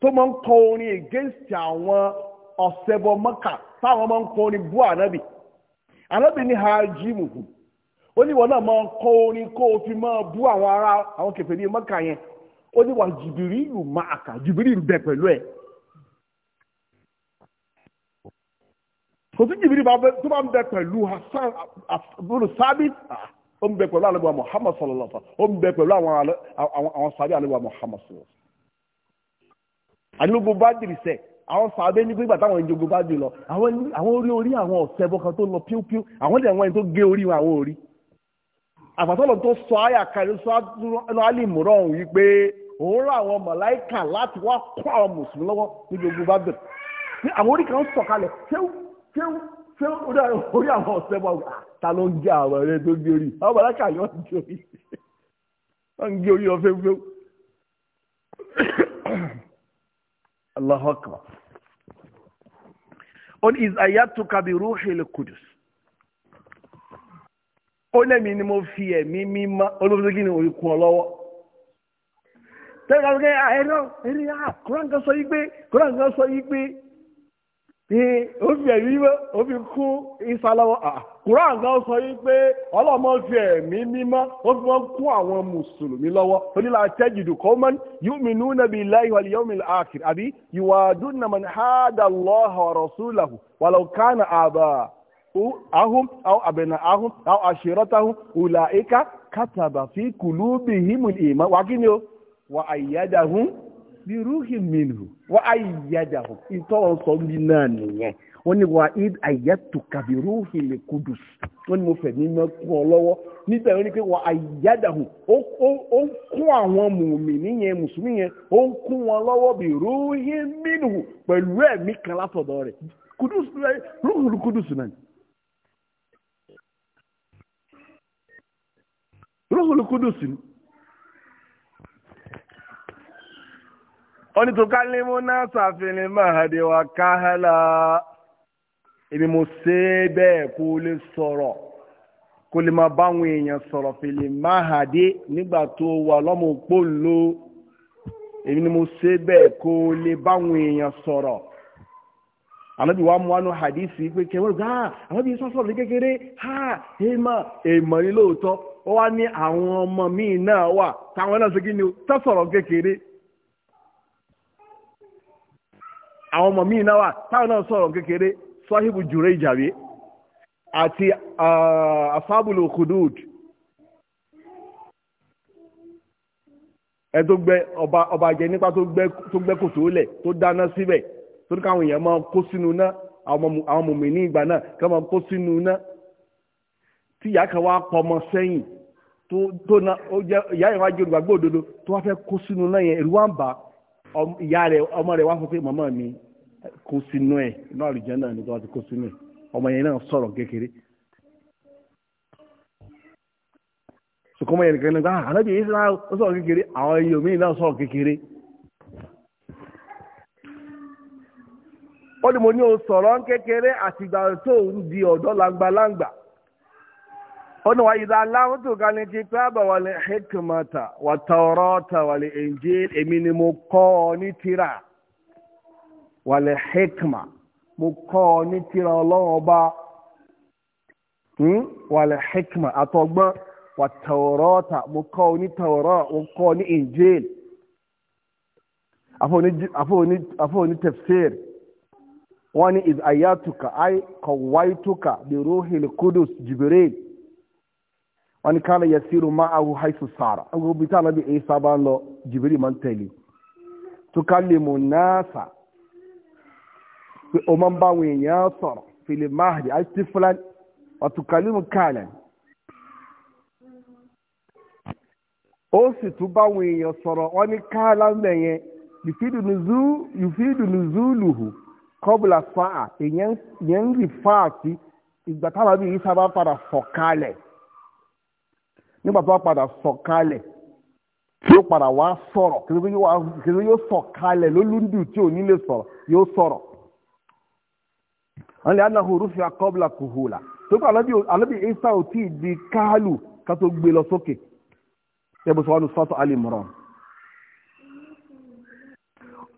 tó máa ń kọ orin against àwọn ọ̀sẹ̀bọ mọ́kà táwọn máa ń kọ orin bú ànábì ànábì ní hajimuhu ó ní ìwọ náà máa ń kọ orin kó o fi máa bú àwọn ará àwọn kèfèrí mọ́kà yẹn ó ní wà jìbìrì ìlú máa jìbìrì ń bẹ pẹ̀lú ẹ̀. kò sí jìbìrì tó bá ń bẹ pẹ̀lú hasan abdul sabit ah, ó ń bẹ pẹ̀lú àlẹ́ wa muhammad sallallahu alaihi wa sallam ó ń bẹ pẹ̀lú àwọn sàbí àlẹ́ wa muhammad sallallahu alaihi wa sallam ànílógún bádìrì sẹ̀ àwọn sàbẹ́ ní gbígbà táwọn ìjogun bádìrì lọ àwọn orí orí àwọn ọ̀sẹ̀ bọ́kan tó lọ píúpíú àwọn dẹ̀ wọ́n ẹni tó gé orí wọn àwọn orí àfàtọ́lọ̀ tó sọ àyà kárí sọ́nà alìmùrán wípé òun rà àwọn màláìkà láti wá kọ́ àwọn mùsùlùmí lọ́wọ́ níbi ogun bádìrì àwọn orí kan sọ̀kalẹ̀ fẹ́ú fẹ́ú Allahu Akbar. On ní ìzàyàtúkà bi rúhìlì kùdùs ó lẹ́mìí ni mo fi ẹ̀mí mímọ́ olóòtú kí ni òun ah, ẹ̀rọ ah, kan sọ yí pé kan sọ yí pé eh, Quran gan sọ yìí pé ọlọ́mọ fi ẹ̀mí mímọ́ ó fi wọ́n kún àwọn mùsùlùmí lọ́wọ́ onílà tẹ́jìdù kọ́mọ́n yu'minuna billahi wal yawmil akhir àbí yuwaduna man hada Allah wa rasulahu walau kana aba'ahum aw abna'ahum aw ashiratahum ulaika kataba fi qulubihimul iman wà kí ni o wa ayyadahum bi ruhin minhu wa ayyadahum ìtọ́ ọ̀sán bí wọ́n ní wa id ayatu kabiru hile kudus wọ́n ní mo fẹ̀ mí mọ́ ọ lọ́wọ́ wọ́n ní pé wa ó ń kún àwọn mùmìnì yẹn mùsùlùmí yẹn ó ń kún wọn lọ́wọ́ bí ruhi minhu pẹ̀lú ẹ̀mí kan látọ̀dọ̀ rẹ̀ kudus ruhul kudus náà kudus ni. mahadi wa kahala èmi mo ṣe bẹẹ bẹ́ẹ̀ kó lè sọ̀rọ̀ kó lè máa báwọn èèyàn sọ̀rọ̀ fèlè máhàdé nígbà tó wà lọ́mọ òpóǹlo èmi ni mo ṣe bẹẹ kó lè báwọn èèyàn sọ̀rọ̀ wa mú wánú hadisi nwere kẹwọ́n gbà á sọ sọ̀rọ̀ ha ah, ni ó wá ní àwọn ọmọ míì náà wà táwọn náà kí ni ọmọ míì náà wà táwọn náà sahibu jurej jàre àti asábùlù kudud ẹ tó gbẹ́ ọba ọba jẹ nípa tó gbẹ́ kòtò lẹ̀ tó dáná síbẹ̀ tó ní káwọn èèyàn máa kó sínú náà àwọn mòmí ní ìgbà náà ká máa kó sínú náà tí ìyá kan wá pọmọ sẹ́yìn tó na ó jẹ́ ìyá yẹn wá jẹ́ olùgbàgbọ́ òdodo tó wá fẹ́ kó sínú náà yẹn ìrú wá ń bà ìyá rẹ̀ ọmọ rẹ̀ wá sọ pé màmá mi kó sínú ẹ̀ inú àlùjànnà ni tó bá ti kó sínú ẹ̀ ọmọ yẹn náà sọ̀rọ̀ kékeré. sùkọ́mọ yẹn nìkan náà ah, ànábì yìí náà ó sọ̀rọ̀ kékeré àwọn ẹyẹ omi náà sọ̀rọ̀ kékeré. ó ní mo ní o sọ̀rọ̀ kékeré àtìgbà tó ń di ọ̀dọ́ langbalangba ọ̀nà wa ìdá aláwọ̀tò kan ní ti tábà wà ní hikmata wà tawrata wà ní injil èmi ni mo kọ́ ọ ní tírà wàlẹ̀ hikma mo kọ́ ọ ní tírà ọlọ́run ọba hmm? wàlẹ̀ hikma àtọgbọ́n wà tawrata mo kọ́ ọ ní tawra mo kọ́ ọ ní injil àfọwọ́ ní tafsir wọ́n ní ìdáyàtùkà ay kọ̀wáìtùkà bí ruhil kudus jibril wọ́n ní kálẹ̀ yasiru ma'ahu haisu sara agbègbè tí a lọ bí èyí sábà ń lọ jibril máa ń tẹ̀lé tukallimu nasa pé o máa ń bá àwọn èèyàn sọ̀rọ̀ fìlè mahdi àti fúlàn ọ̀tùkàlímù kàlẹ̀ ó sì tún bá àwọn èèyàn sọ̀rọ̀ wọ́n ní kàlà mẹ́yẹn yùfídùnú zúlùhù kọ́bùlà sáà èèyàn ń rí fáàtì ìgbà táwọn bí yìí sábà padà sọ̀kalẹ̀ nígbà tó padà sọ̀kalẹ̀ tí ó padà wá sọ̀rọ̀ kìrìkìrì yóò sọ̀kalẹ̀ lólúndù tí ò ní lè sọ̀rọ̀ yóò sọ̀rọ̀ wọn lè anahu rufi akọbla kuhula tó kọ alábi alábi isa ò di káàlù ká tó gbé lọ sókè tẹbù wọn sọtọ ali mọràn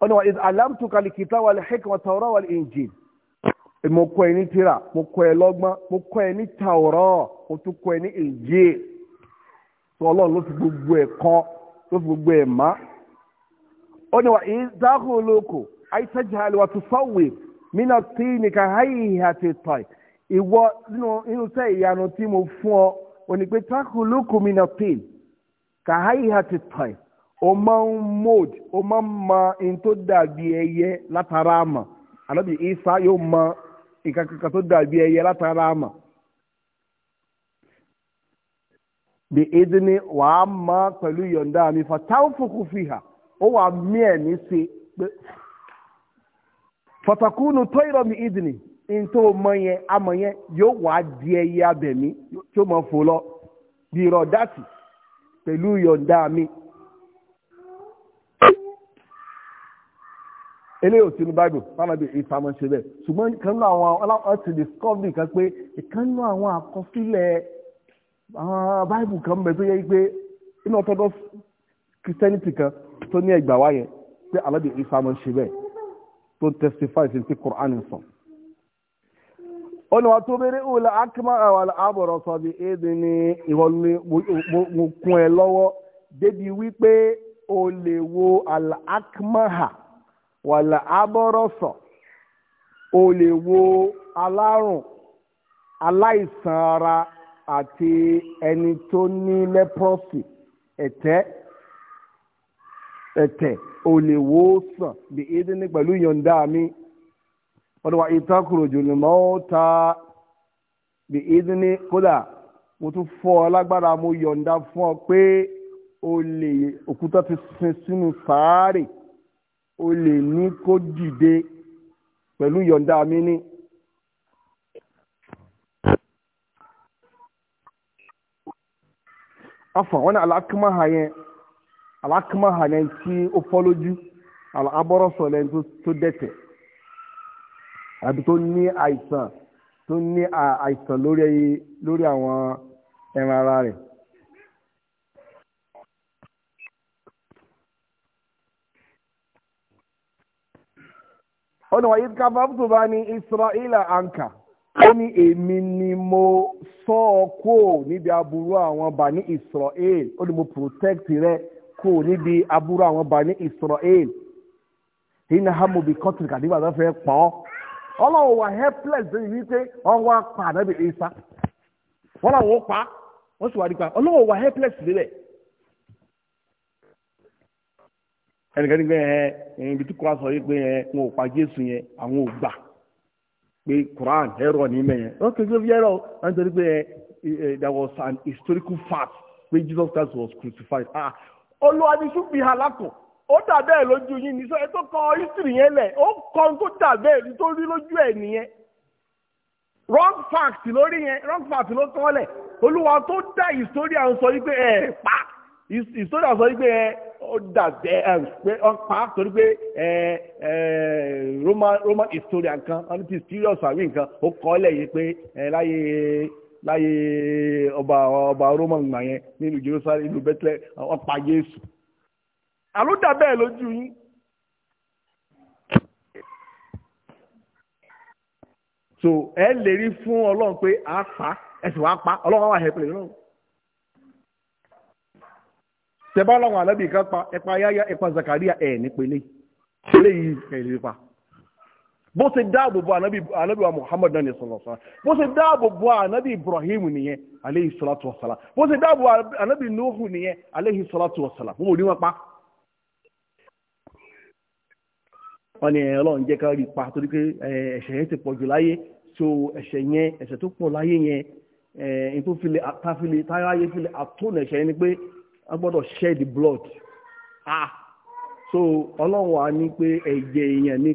wọn wa wọn is alamtu kalikita wal hikma tawra wal injil mo kọ́ ẹ ní tírà mo kọ́ ẹ lọ́gbọ́n mo kọ́ ẹ ní tawra mo tún kọ́ ẹ ní injil sọ ló fi gbogbo ẹ kọ́ ló fi gbogbo ẹ má ó ní wa ìdáhùn olóko àìsàn jihali wa tó sọwé mina ni ka ha àti tọ́ì ìwọ nínú sẹ́ ìyanu tí mo fún ọ onípe takuluku ka ha àti tọ́ì o ma mold o máa ń mọ in tó ẹyẹ latara ama alábì isa yóò mọ nǹkan kankan to dabi ẹyẹ latara ama bi idini wa mọ pẹlu yọ̀ǹda mi fa táwọn fọ̀tàkùnù tọ́yìrọ̀ mi ìdìní ní tó mọ yẹn amọ̀ yẹn yóò wá di ẹyẹ abẹ̀mí tí ó mọ̀ fò lọ bí irọ́ pẹ̀lú yọ̀ǹda mi. eléyìí ò sí ní bible fanabi ìfàmọ́ ṣe bẹ́ẹ̀ ṣùgbọ́n kan náà àwọn ọlọ́pàá discovery kan pé ìkan náà àwọn àkọsílẹ̀ àwọn bible kan bẹ tó yẹ pé inú orthodox christianity kan tó ní ẹgbàá wáyẹn pé alábi ìfàmọ́ ṣe bẹ́ẹ̀. tó testify sí ti Quran sọ. Olùwà tó bẹ̀rẹ̀ òòlà Akima àwọn àbọ̀rọ̀ sọ ni ìwọ Al-Akmaha wàlà àbọ̀rọ̀ sọ o lè wo alárùn aláìsàn ara ẹni tó ní ete ò lè wò ó sàn bí édè ní pẹ̀lú yọ̀ǹda mi wọ́n wá ìtakùrọ̀ jùlọ mọ́ ó ta bí édè ní kódà mo tún fọ́ ọ lágbára mo yọ̀ǹda fún ọ pé o òkúta ti sin sínú sàárè o ní kó dìde pẹ̀lú yọ̀ǹda mi ní. afọ àwọn àlàkùnmọ́ ha yẹn. alákìmáhà lẹ́yìn tí ala fọ́ lójú abọ́rọ̀sọ lẹ́yìn tó dẹ̀tẹ̀ to tó ní ara ọ̀nà ká bá ní anka ó ní èmi ni mo sọ ọ kó níbi aburú àwọn bá ní Israẹli ó protect kú níbi aburú àwọn Bani Israel iná hamu bi kọ́tùn kàdígbà tó fẹ́ pọ̀ ọ́ wà helpless lórí wípé wọ́n wá pa Ìsá wọ́n làwọn pa wọ́n sì wá rí pa wà helpless lélẹ̀ ẹnìkan ní pé ẹ ibi tí kura sọ yìí wọn ò pa Jésù yẹn àwọn ò gbà pé Quran ẹrọ ní fi ẹrọ an historical olùwàdí ṣùgbì alákùn ó dà bẹ́ẹ̀ lójú yín ní sọ ẹ tó kọ history yẹn lẹ̀ ó kọ tó dà bẹ́ẹ̀ tó rí lójú ẹ̀ nìyẹn wrong fact lórí yẹn wrong fact ló kọ́ lẹ̀ olúwa tó dá ìsórí àwọn sọ wípé ẹ pa ìsórí àwọn sọ wípé ẹ ó dà bẹ́ ẹ pé ọ pa torí pé ẹ ẹ roman roman historian kan ọ ní serious àwìn kan ó kọ́ lẹ̀ yìí pé ẹ láyé. láyé ọba ọba roman gbà yẹn nínú jerusalem ìlú bethlehem ó jésù àlódà bẹ́ẹ̀ lójú yín. so ẹ lè fún ọlọ́run pé a pa ẹ sì pa ọlọ́run wà hẹ́pẹ̀lẹ̀ náà. tẹ bá pa ẹ̀pa yáyá ẹ̀pa zakaria ẹ̀ nípele bó ṣe dáàbò bo wa muhammad náà bó ṣe dáàbò bo ibrahim nìyẹn aleyhi sọlátù wasala bó ṣe dáàbò nuhu nìyẹn aleyhi sọlátù wasala wọn ò ní wọn pa. wọn ní ọlọ́run jẹ́ ká rí pa torí pé ẹ̀ṣẹ̀ yẹn so ẹ̀ṣẹ̀ yẹn ẹ̀ṣẹ̀ tó láyé yẹn tó file file ni pé a shed blood ah so wa pé èèyàn ní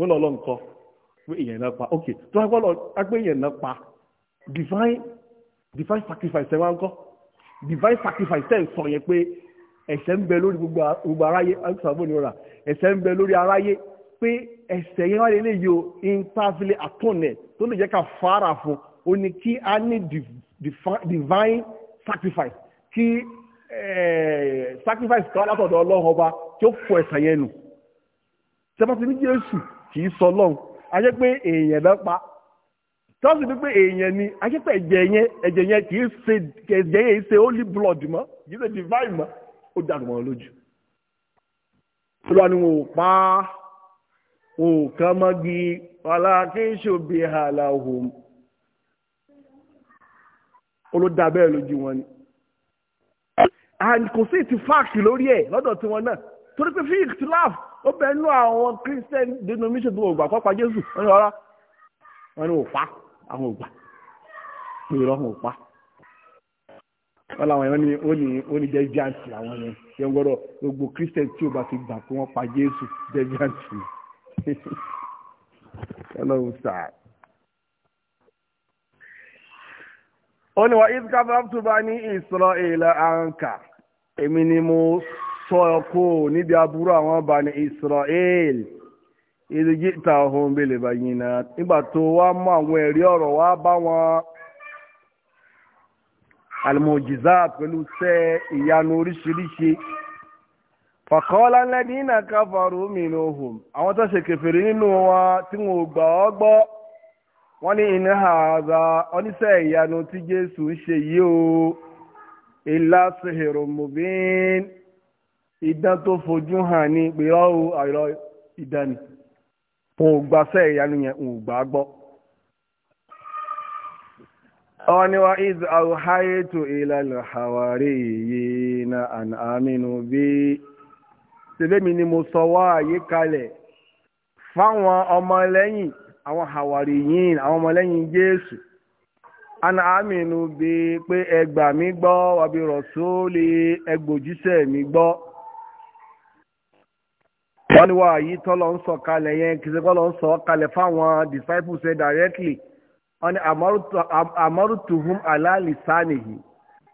wọ́n lọ́ọ́ nǹkan pé èèyàn náà pa ok tó wá gbọ́dọ̀ agbé èèyàn náà pa divine divine sacrifice ẹ̀ wá ń kọ́ divine sacrifice ẹ̀ ń sọ yẹn pé ẹ̀ṣẹ̀ ń bẹ lórí gbogbo aráyé alùsàbò ni ó rà ẹ̀ṣẹ̀ ń bẹ lórí aráyé pé ẹ̀ṣẹ̀ yẹn wá lè lè yo intafile atone tó lè jẹ́ ká fara fún o ní kí a ní divine sacrifice kí eh, sacrifice kan látọ̀dọ̀ ọlọ́run ọba tí ó fọ ẹ̀ṣẹ̀ yẹn nù sẹ́fọ́sì ní jésù kì í sọ lọ́hùn ajẹ́ pé èèyàn lọ pa tọ́sí wípé èèyàn ni ajẹ́ pé ẹ̀jẹ̀ yẹn ẹ̀jẹ̀ yẹn kì í ṣe ẹ̀jẹ̀ yẹn ṣe holy blood mọ́ kì í ṣe divine mọ́ ó dànù wọn lójú. olúwa ni wọn ò pa á wọn ò kàn mọ́gi aláàkéṣe òbí àlà òhùn olódà bẹ́ẹ̀ lójú wọn ni. and kò sí ti fáàkì lórí ẹ̀ lọ́dọ̀ tiwọn náà torí pé fíìkì ti láàfù ó bẹ nú àwọn christian denomination tó ògbà pápá jésù wọn ni ọ̀rá wọn ni òpá àwọn ògbà pé irọ́ wọn òpá wọn làwọn yẹn ó ní ó ní deviant làwọn yẹn yẹn gbọ́dọ̀ gbogbo christian tí ó bá ti gbà pé wọ́n pa jésù deviant ni ọlọ́run sáà. ó ní wa iskafaftu bani isra'ila anka èmi ni mo ṣọ́ ọkọ níbi aburú àwọn Bani Israel ta ohun bèlè báyìí náà nígbà tó wá mú àwọn ẹ̀rí ọ̀rọ̀ wá bá wọn ìyanu oríṣiríṣi fàkọ́ọ́lá lẹ́ni iná káfàrú minhum àwọn tó ṣe kẹfìrí nínú wọn tí wọn ò gbà ọ́ gbọ́ wọ́n ní iná ààrà oníṣẹ́ ìyanu tí Jésù ń ṣe yìí o ìlà sihirun ìdán tó fojú hàn ní pèrọ àìrọ ìdán ni wọn ò gbàṣẹ ìyanu yẹn wọn ò gbà á gbọ́. Àwọn ni wa iz auhaitu ila al-hawariyina an aminu bi. Ṣèbémi ni mo sọ wá àyè kalẹ̀ fáwọn ọmọlẹ́yìn àwọn hawariyin àwọn ọmọlẹ́yìn Jésù ana aminu bi pé ẹgbà mi gbọ́ wàbí rọ̀sọ́ọ̀lì ẹgbòjíṣẹ́ mi gbọ́ wọ́n ní wá yí tọ́lọ̀ ń sọ kalẹ̀ yẹn kìsẹ́ kọ́lọ̀ ń sọ kalẹ̀ fáwọn disciples ẹ̀ directly wọ́n ní amarutuhum alalisanihi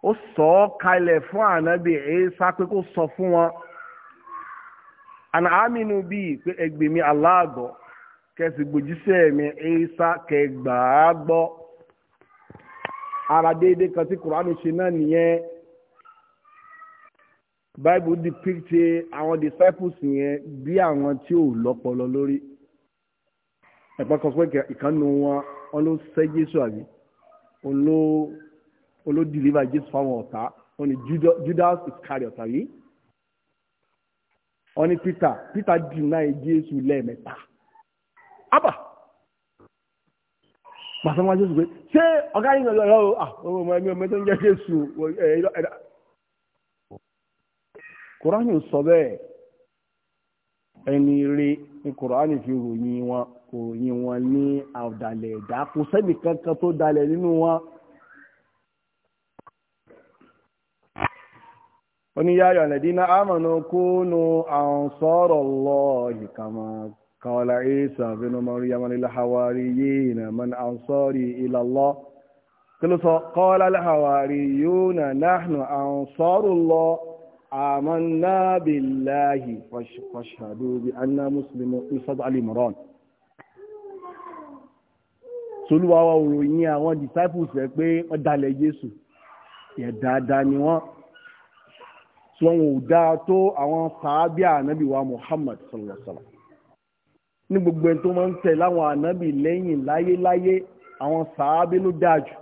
ó sọ kalẹ̀ fún ànábì ẹ̀ẹ́sà kó sọ fún wọn ara déédéé kan tí kùránù ṣe náà nìyẹn. bible depict àwọn disciples yẹn bí àwọn tí ò lọ́pọlọ lórí ẹ̀pọ̀ kan pé ìkànnì wọn wọn ló sẹ́ jésù àbí wọn ló deliver jésù fáwọn ọ̀tá wọn ni judas iscariot àbí wọn ni peter peter deny jésù lẹ́ẹ̀mẹ́ta abba pàṣẹ wọn jésù pé ṣé ọ̀gá yìí lọ́ọ́ ah, ọmọ ẹ̀mí ọmọ ẹ̀mí tó ń jẹ́ jésù ẹ̀dá kùránì sọ bẹ́ẹ̀ ẹni rí ní kùránì fi ròyìn wọn ròyìn wọn ní àdàlẹ̀ ẹ̀dá kò sẹ́ni kankan tó dalẹ̀ nínú wọn. oni ya yi aladina amanu kunu ansarallahi kama قال عيسى بن مريم للحواريين من أنصاري إلى الله قال الحواريون نحن أنصار الله آمنا بالله فاشهدوا بأننا مسلمون ìsọ́dọ̀ alìmọ̀rán tolúwa wa òròyìn àwọn disciples rẹ̀ pé wọ́n dalẹ̀ Jésù yẹ dáadáa ni wọ́n tí wọ́n ò dáa tó àwọn sàábí ànábì wa Muhammad sallallahu alaihi wasallam ní gbogbo ẹni tó máa ń tẹ̀ láwọn ànábì lẹ́yìn láyéláyé àwọn sàábí ló dáa jù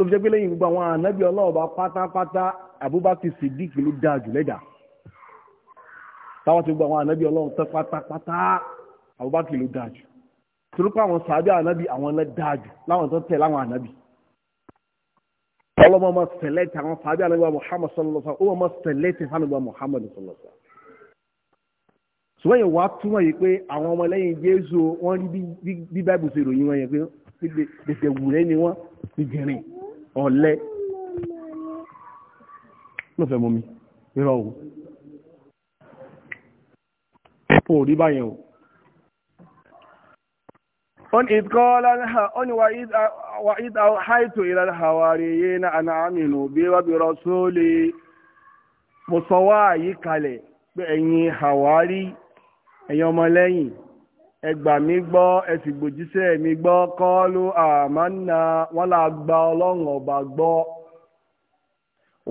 tó fi jẹ́ pé lẹ́yìn gbogbo àwọn ànábì ọlọ́run bá pátápátá Abubakar Siddiq ló dáa jù lẹ́dà táwọn ti gbogbo àwọn ànábì ọlọ́run tán pátápátá Abubakar ló dáa jù torí pé àwọn sàábì ànábì àwọn náà dáa jù láwọn tó tẹ̀ láwọn ànábì ọlọ́mọ ọmọ sẹ̀lẹ̀tì àwọn sàábì ànábì wa Muhammad sallallahu alaihi wa sallam ọmọ sẹ̀lẹ̀tì ànábì wa Muhammad sallallahu alaihi wa sallam ṣùgbọ́n yẹn wàá túmọ̀ yìí pé àwọn ọmọlẹ́yìn Jésù wọ́n rí bí Bíbélì ṣe ròyìn wọn yẹn pé dèdè wùrẹ́ ni wọ́n ti jẹ̀rìn ọ̀lẹ ló fẹ́ mọ́ mi irọ́ o ò rí báyẹn o on it kọ́lá on wa it haitu ilal hawariyina an aminu bí wa bi rasuli mo sọ wá yí kalẹ̀ pé ẹ̀yin hawari ẹ̀yin ẹ gbà mí gbọ́ ẹ sì gbòjíṣẹ́ mi gbọ́ kọ́ọ́lù àmánà wọn là gba ọlọ́run ọba gbọ́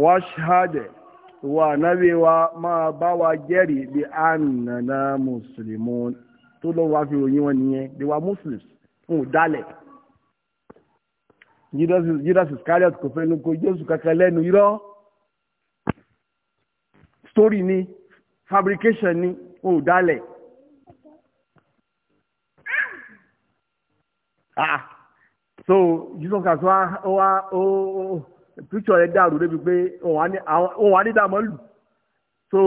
wáṣíhádẹ̀ ìwà ànábì wa máa bá wa jẹ́rìí bí ànànà mùsùlùmù tó lọ́wọ́ wá fi ròyìn wọn nìyẹn bí wa muslims ń dálẹ̀ judas iscariot kò fẹ́ nu ko jésù kankan lẹ́nu irọ́ story ni fabrication ni ń dálẹ̀. ah so jesus christ wa wa wá ó píkṣọ rẹ dàrú débi pé òun wà ní dàmọ́lù so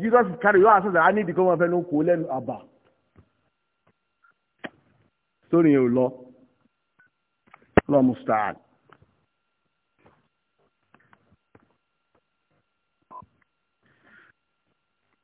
jesus kárí yóò àṣọ sàrà nídìí kó wọn fẹ́ ló kó lẹ́nu àbà sórí yẹn ò lọ lọ́mùsítàdì.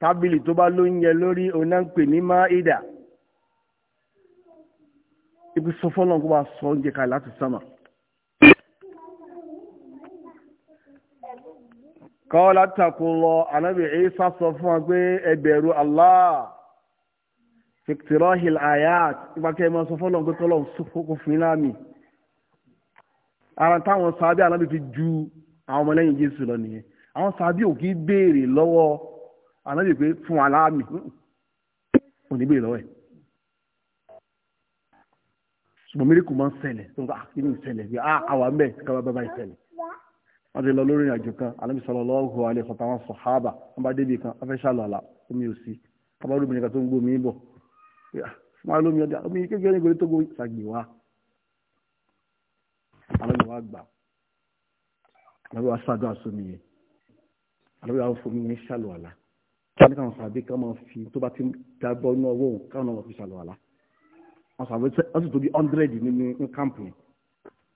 tábìlì tó bá lóúnjẹ lórí oná ń pè ní máìdà ibi sọ fọ́nà kó bá sọ oúnjẹ kalẹ̀ láti sánmà. kọ́lá takò lọ anábì Ìsá sọ fún wa pé ẹ Allah fiktirahil ayat ipa kẹ́ ẹ máa sọ fọ́nà pé kọ́lọ́ kó fún yín láàmì. ara táwọn sábẹ́ anábì fi ju àwọn ọmọlẹ́yìn Jésù lọ nìyẹn àwọn sábẹ́ ò béèrè lọ́wọ́ ànábì pé fún aláàmì oníbèrè lọ́wọ́ ẹ̀ ṣùgbọ́n mílíkù máa ń ṣẹlẹ̀ tó ń bá kí ni ìṣẹlẹ̀ bí àwa mẹ́ẹ̀ káwá bá bá ìṣẹlẹ̀ wọ́n ti lọ lórí ìrìnàjò kan ànábì sallallahu alaihi wasallam àwọn sàhábà wọ́n bá débi kan afẹ́ ṣàlọ́ àlà omi ò sí kábàárù obìnrin kan tó ń gbómi bọ̀ máa ah, lómi ọdẹ omi kékeré ní ìgbèrè tó gbó ṣàgbè wá ànábì wa gbà ànábì wa ṣàdúrà sómi yẹn ànábì wa fún mi ṣàlọ́ àlà tàbí káwọn sàbí ká máa fi tó bá ti dábọ́ inú ọwọ́ òun káwọn náà wọ́n fi ṣàlọ́ àlá àwọn sàbí wọ́n sì tó bí ọ́ndírẹ́dì nínú káàmpù yẹn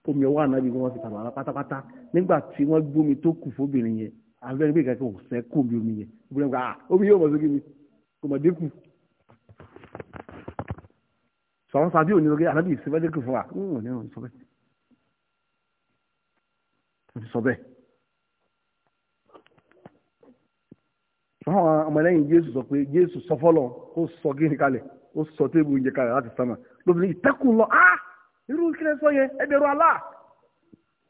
omi ọwọ́ ànábi wọ́n fi ṣàlọ́ àlá pátápátá nígbà tí wọ́n gbómi tó kù fóbìnrin yẹn abẹ́rẹ́ bí kankan ò sẹ́ kó omi omi yẹn obìnrin gba ah, omi yóò mọ̀ sókè mi kò mọ̀ dínkù. sọ àwọn sàbí òní lóge ànábi ìsìnfẹ́ dínkù fún wa ń wọ̀n ní fáwọn ọmọlẹ́yìn jésù sọ pé jésù sọ fọlọ ó sọ gíní kalẹ̀ ó sọ tébù oúnjẹ kalẹ̀ láti sánmà lóbìnrin ìtẹ́kùn lọ á ah! irú kílẹ̀ sọ yẹn ẹ̀dẹ̀rù alá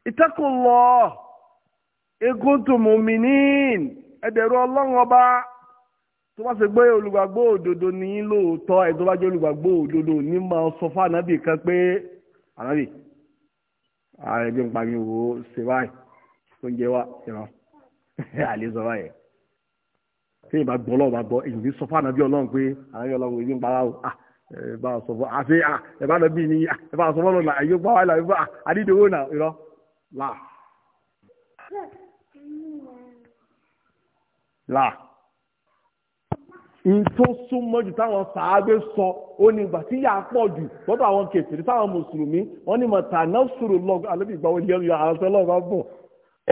ìtẹ́kùn lọ egun tó mú mi ní ẹ̀dẹ̀rù ọlọ́run ọba tó bá ṣe gbé olùgbàgbọ́ òdodo ní lóòótọ́ bá jẹ́ olùgbàgbọ́ òdodo ní máa sọ fún kan pé ààrẹ bí n tí ìbá gbọ́ ọlọ́run bá gbọ́ èyí ní sọ fún ànábì ọlọ́run pé ànábì ọlọ́run èyí ń para o ah, ẹ bá sọ fún àfi ah, ẹ bá nàbí ni ah, ẹ bá sọ fún ọlọ́run àyè gbọ́ wà láyé fún àdídòwò náà irọ́ là là n tó súnmọ́ jù táwọn sàábé sọ ó ní ìgbà tí yà á pọ̀ jù lọ́dọ̀ àwọn kèfèrí táwọn mùsùlùmí wọ́n ní mọ̀ tà náà sùrù lọ́gọ́ àlébìgbà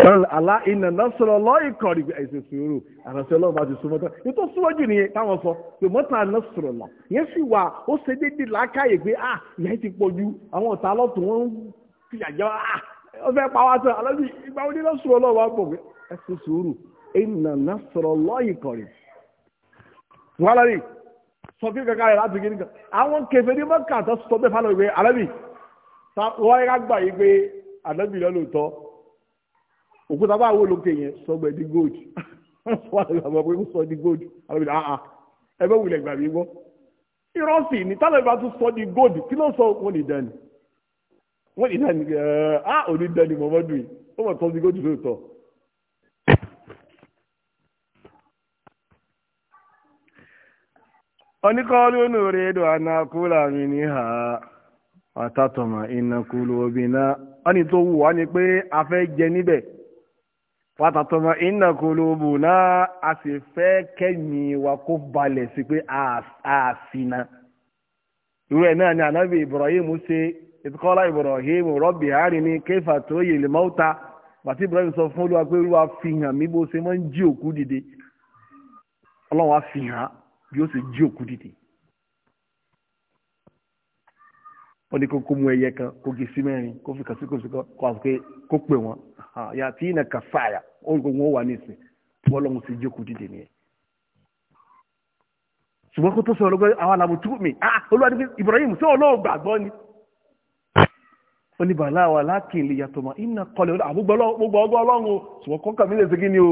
àlá iná náà sọ̀rọ̀ lọ́yìn kan rí ẹ̀sìn sùúrù àràṣẹ ọlọ́run bá ti súnmọ́ tán ètò súnmọ́jú nìyẹn táwọn sọ pé mọ́tà náà sọ̀rọ̀ là yẹn sì wà ó ṣe déédéé làákàyè pé à ah, ìyá ti pọ̀ ju àwọn ọ̀tá lọ́tún wọn ń fìyà jẹ à ó fẹ́ pa wá sọ alábí ìgbà wo ni náà sọ̀rọ̀ lọ́wọ́ wá pọ̀ pé ẹ̀sìn sùúrù iná náà sọ̀rọ̀ lọ́yìn kan rí. wọ́n lọ rí sọ fí kankan rẹ̀ láti kí nìkan àwọn kẹfẹ́ ní mọ́kà tó sọ bẹ́ẹ̀ fáwọn ìwé alábì wọ́n yẹ ká gbà yí pé alábì lọ́lọ́tọ́ òkúta bá wo lókè yẹn sọgbẹ di gold wà àwọn sọ di gold àwọn ah ah ní sọ di gold kí ló sọ wọn ní dání wọn ní dání ẹ á òní dání mọ́mọ́dù yìí di gold mi ní ha àtàtọ̀mà obìnrin náà wọ́n ní tó wù a fẹ́ jẹ níbẹ̀. wàtàtọ́mọ iná kolóbù náà a sì fẹ́ kẹ́mi wa kó balẹ̀ sí pé irú ẹ̀ náà ni anabi ibrahim ṣe ìtukọ́lá ibrahim rọ́bì harini kéfà tó yè lè bàtí ibrahim sọ fún olúwa pé olúwa fi hàn mí bó ṣe máa ń jí òkú dìde ọlọ́run fi kan kó gé kó fi kàn sí yàtí iná kàfáyà ó ń gbogbo wà nísìn bọ́lọ́hún sì jókòó dìde nìyẹn ṣùgbọ́n kó tó sọ ọlọ́gbẹ́ àwọn alábòtú mi ah, ah, olúwa ní Ibrahim sọ olóò gbàgbọ́ ni ó ní bàálà wà láti ilé yàtọ̀ mọ́ iná kọlẹ̀ àgbógbọ́ ọlọ́run ṣùgbọ́n kọ́kà mi lè ṣe ni o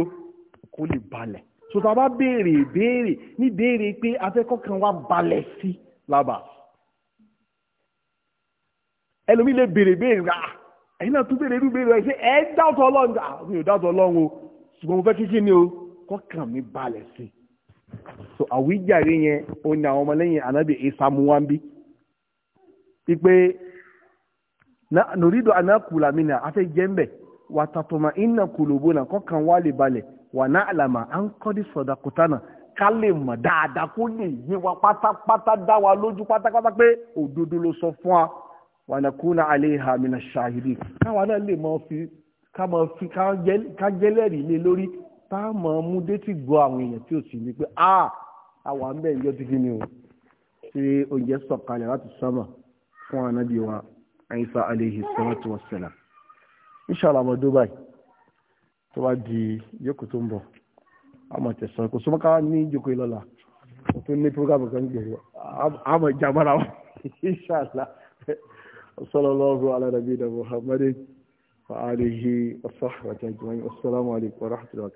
kó lè balẹ̀ so tá a bá béèrè béèrè ní béèrè pé afẹ́kọ̀kan wa balẹ̀ sí lába ẹlòmí lè béèrè béèrè rà ah, ẹ̀yin náà tún béèrè irú béèrè ẹ̀ ṣe ẹ̀ dáwọ́tọ̀ ọlọ́run gbà mi ò dáwọ́tọ̀ ọlọ́run o ṣùgbọ́n mo fẹ́ kíkí ni o kọ́kàn mi balẹ̀ sí i so àwíjàre yẹn ó ní àwọn ọmọlẹ́yìn anabi isa muwambi pípé nòrídò anákùlà mi náà afẹ́ jẹ́ ń wà tàtùmá iná kùlùbù náà kọ́kàn wà lè balẹ̀ wà ná àlàmà à ń kọ́ wa wànàkúnà àléhà mìíràn ṣàhìrì káwọn náà lè mọ fi ká jẹ́lẹ́rìí lé lórí táàmù múdétì gbọ́ àwọn èèyàn tí ò sì ní pé a àwa ń bẹ̀ ń yọjú kí ni o ṣe oúnjẹ sọ̀kalẹ̀ láti sọ́mà fún ànábì wa àyíṣà àléhì sọ́wọ́tì wọ́n sẹ̀lá inṣàlá ọmọ dubai tó bá di yòókù tó ń bọ̀ àmọ̀ tẹ̀sán kò súnmọ́ ká ní ìjókòó ìlọ́la tó ní programu kan gbèrò àmọ̀ ìjàmbára wa inṣàlá وصلى الله على نبينا محمد وآله وصحبه والسلام عليكم ورحمة الله